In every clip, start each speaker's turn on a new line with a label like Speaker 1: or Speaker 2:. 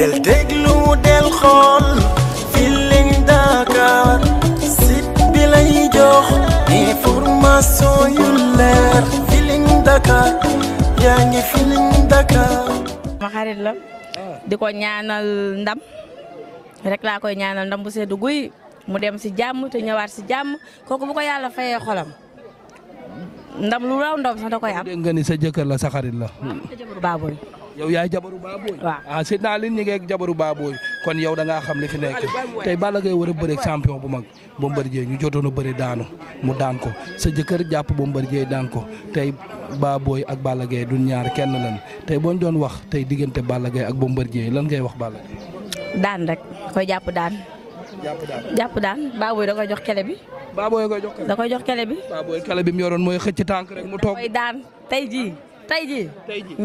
Speaker 1: del déglu del xol Feeling Dakar
Speaker 2: site bi lay jox ni formation yu leer Feeling Dakar ya ngi Feeling Dakar. ma xarit la diko ñaanal ndam rek la koy ñaanal ndam bu seddu guy mu dem ci jamm te ñëwaat ci jamm koku bu ko yalla fayé xolam. ndam lu raw ndam sax da koy am. dégg
Speaker 3: nga ni sa jëkkër la sa xarit la. waaw sa baaboy yow yaay
Speaker 2: jabaru baabooy waaw
Speaker 3: ah si naa li kon yow da ngaa xam li fi nekk tey bala Gaye war a bëre champion bu mag Bombardier ñu jotoon a bëri daanu mu daan ko sa jëkkër jàpp Bombardier daan ko tey baabooy ak Balla Gaye du ñaar kenn lan tey boo ñu doon wax tey diggante Balla Gaye ak Bombardier lan ngay wax Balla Gaye
Speaker 2: daan rek koy jàpp daan jàpp daan jàpp daan baabooy da jox kele bi baabooy da jox kele bi
Speaker 3: da bi mu yoroon mooy xëcc tànk rek
Speaker 2: mu toog daan tey tey jii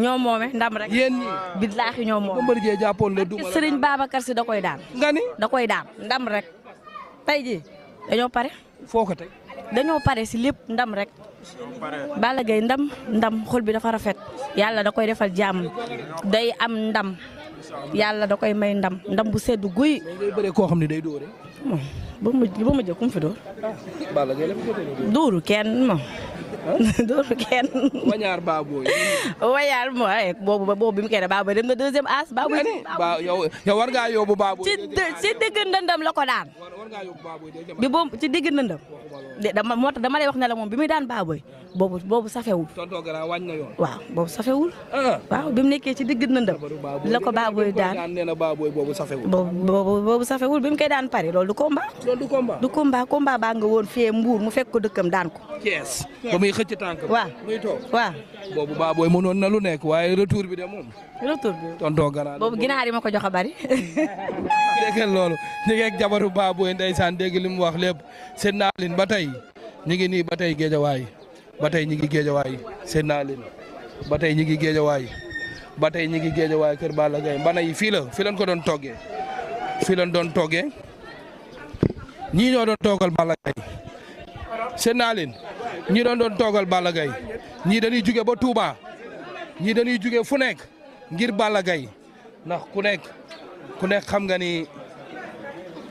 Speaker 2: ñoo moome ndam rek. yéen ñii billaahi ñoo moome. Bombardier jàppoon la da koy daan. nga da koy daan ndam rek. tey jii dañoo pare. foo ko tey. dañoo pare si lépp ndam rek. Balla Gaye ndam ndam xol bi dafa rafet. yàlla da koy defal jàmm day am ndam. yàlla da koy may ndam ndam bu sedd guy. day bëree koo xam ne day dóore. ba ma ba
Speaker 3: ma
Speaker 2: jël ku mu moom. dootu kenn. wañaar baaboo yi. wañaar mooy boobu ba boobu bi mu kenn baaboo dem na deuxième as. baaboo yi ba
Speaker 3: yow yow war ngaa yóbbu baaboo
Speaker 2: yi. ci digg ndëndam la ko daan.
Speaker 3: war ngaa yóbbu baaboo
Speaker 2: yi bi ci digg ndëndam. dama moo tax dama lay wax ne la moom bi muy daan baaboo yi boobu boobu safewul. tonton Gara wàññi na yoon. waaw boobu safewul. Ah. waaw bi mu nekkee ci digg ndëndam. la ko baaboo yi daan nee na baaboo yi boobu safewul. boobu boobu safewul bi mu koy daan pare loolu du combat. loolu du combat du combat combat baa nga woon fee mbuur mu fekk ko dëkkam daan ko.
Speaker 3: Thiès muy xëcc tànk. waaw muy toog boobu baa booy mënoon na lu nekk waaye retour bi de moom. retour bi tonton garaad. boobu ginaar yi
Speaker 2: ma ko jox a bari.
Speaker 3: dégg loolu ñu ngi ak jabaru baa ndeysaan dégg li mu wax lépp seen naa leen ba tey ñu ngi nii ba tey géejawaay ba tey ñu ngi géejawaay seen naa leen ba tey ñu ngi géejawaay ba tey ñu ngi géejawaay kër Balla Gaye mbana yi fii la fii lañ ko doon tooge fii lañ doon toggee ñii ñoo toogal Balla seen naa leen ñi doon doon toogal Balla Gaye ñii dañuy juge ba Touba ñii dañuy juge fu nekk ngir Balla Gaye ndax ku nekk ku nekk xam nga ni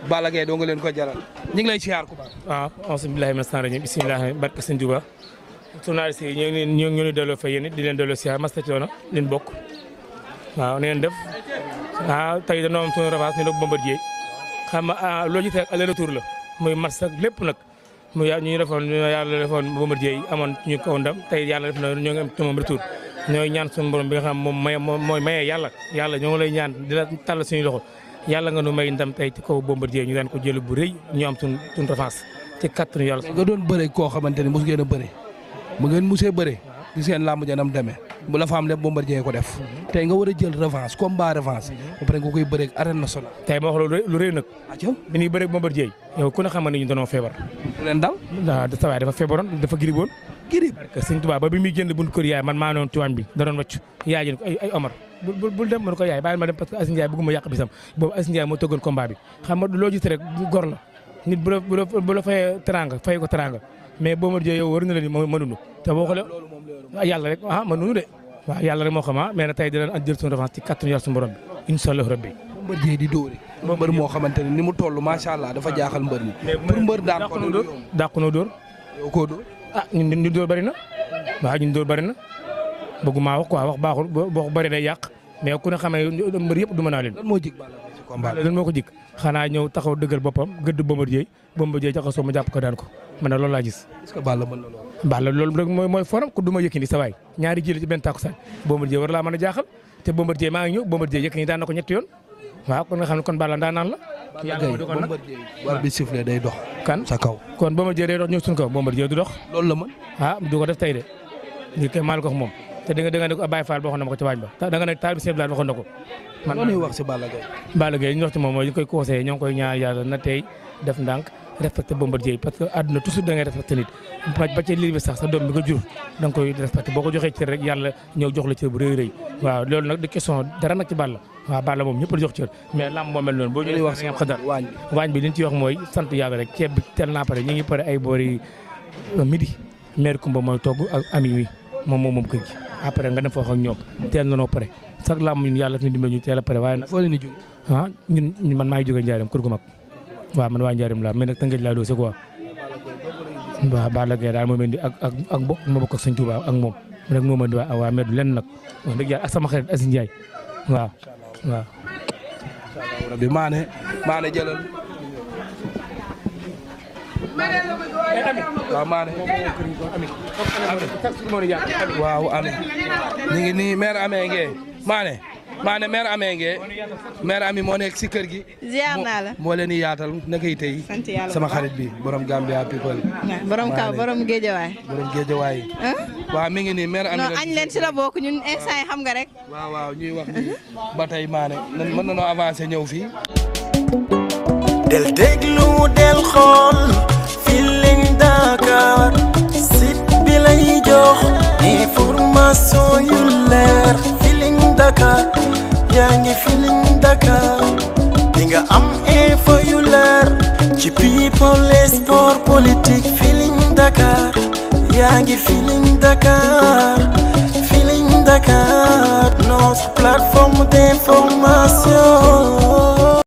Speaker 3: Balla Gaye doo leen ko jaral
Speaker 1: ñu ngi lay siyaar ku baax. waaw alhamdulilah mastaan rajiim bisimilah barke sëñ Tuuba journaliste yi ñoo ngi leen ñoo ngi leen delloo fa yéen di leen delloo siyaar masta coono leen bokk waaw neen def ah tey dañoo am suñu revanche ñu ne Bombardier xam nga loo ci teg aller la muy match lépp nag. mu ñu ñu defoon yàlla defoon Bombardier yi amoon ñu kaw ndam tey yàlla def na ñoo ngi am moom ñaan suñu borom xam moom may mooy maye yàlla yàlla ñoo ngi lay ñaan di la tàll suñu loxo yàlla nga nu may ndam tey ci kaw Bombardier ñu daan ko jël bu rëy ñu am suñu suñu revanche ci kattanu yàlla. nga doon bëre koo xamante ni mos ngeen a bëre mu ngeen musee bëre ci seen
Speaker 3: làmb ja nam demee bu la fa am lépp Bombardier ko def tey nga war a jël revanche combat revanche ba pare
Speaker 1: nga koy bëreeg arène nationale tey ma wax lu rëy nag bi ñuy bëreeg Bombardier yow ku a xam ne ñu danoo feebar lu leen dal sa waay dafa feebaroon dafa griboon girib sëñ Tuubaa ba bi mu génn buñ ko yaay man maa noon tuwaan bi da doon wàcc yaay jën ko ay Omar bul bul dem mën yaay ma dem parce que Aziz Ndiaye bëgguma yàq bisam boobu Aziz Ndiaye moo tëggoon combat bi xam nga loo gis rek góor la nit bu la bu la fayee teranga fay ko teranga mais Bombardier yow war na la ni mënuñu te boo xoolee ah, yàlla rek ah mënuñu de waaw yàlla rek moo xam ah mais na tey dinañ jël suñu revanche ci kàttanu yàlla suñu borom bi incha allah rabbi Bombardier di dóore mbër moo
Speaker 3: xamante ne ni mu toll macha allah dafa jaaxal mbër mi pour mbër daan ko door
Speaker 1: dàq noo dóor yow koo dóor ah ñun ñun dóor bëri na waaw ñun dóor bëri na bëgguma wax quoi wax baaxul boo bëri day yàq mais ku ne xamee mbër yëpp du mën naa leen lan moo ko jik xanaa ñëw taxaw dëggal boppam gëdd Bombardier Bombardier jaxasoo ma jàpp ko daan ko man nag loolu laa gis. est-ce Balla loolu. mooy mooy forum ku duma Yékini sa waay ñaari jëli ci benn takkusaan Bombardier war laa mën a jaaxal te Bombardier maa ngi ñëw Bombardier Yékini daan na ko ñetti yoon waaw kon nga xam ne kon Balla daan naan la. yàlla ma kan sa kaw kon Bombardier day dox ñëw suñu kaw Bombardier du dox. la mën ah du ko def tey de ñu koy maal ko moom te ah, da nga ne ko Abaye taal bi Sèye waxoon na ko. Balla Gaye. Balla Gaye ñu moom mooy ñu koy conseillé ñoo ngi koy ñaan yàlla na tey def ndànk respecté Bombardier parce que àdduna toujours da ngay nit ba ca bi sax sa doom bi nga jur da koy respecté boo ko joxee cër rek yàlla ñëw jox la bu rëy rëy waaw loolu nag de question dara nag ci Balla waaw a boori euh, midi mère Kumba mooy togg ami wi moom moom moom kër gi nga dem foofu ak ñoom teel na noo pare sax lamb ñun yàlla fi ñu dimbali ñu a pare waaye nag ah, ñun man maa ngi jóge Njaareem kër mag waaw man waa Njaareem laa mais nag Tëngéej laa doose quoi waaw Balla Gaye daal moom indi ak ak ak bokk ak moom rek waa waa meddu lenn nag wax dëgg maane waaw maane
Speaker 3: waaw ane amee ngee maane maa ne mère amee ami moo nekk si kër gi. ziar naa la moo leen di yaatal nakay tey. sant yàlla sama xarit bi borom Gambia people. borom kaw borom géejawaay. borom géejawaay. waaw añ
Speaker 2: leen si la bokk ñun instant yi xam nga rek. waaw waaw ñuy wax ni
Speaker 3: ba tey maa ne mën avancer ñëw fi
Speaker 1: del déglu del xool Feeling Dakar site bi lay jox information yu leer. Dakar yaa ngi Feeling Dakar di nga am info yu ci people et sport politique Feeling Dakar yaa ngi Feeling Dakar Feeling Dakar notre plateforme d'information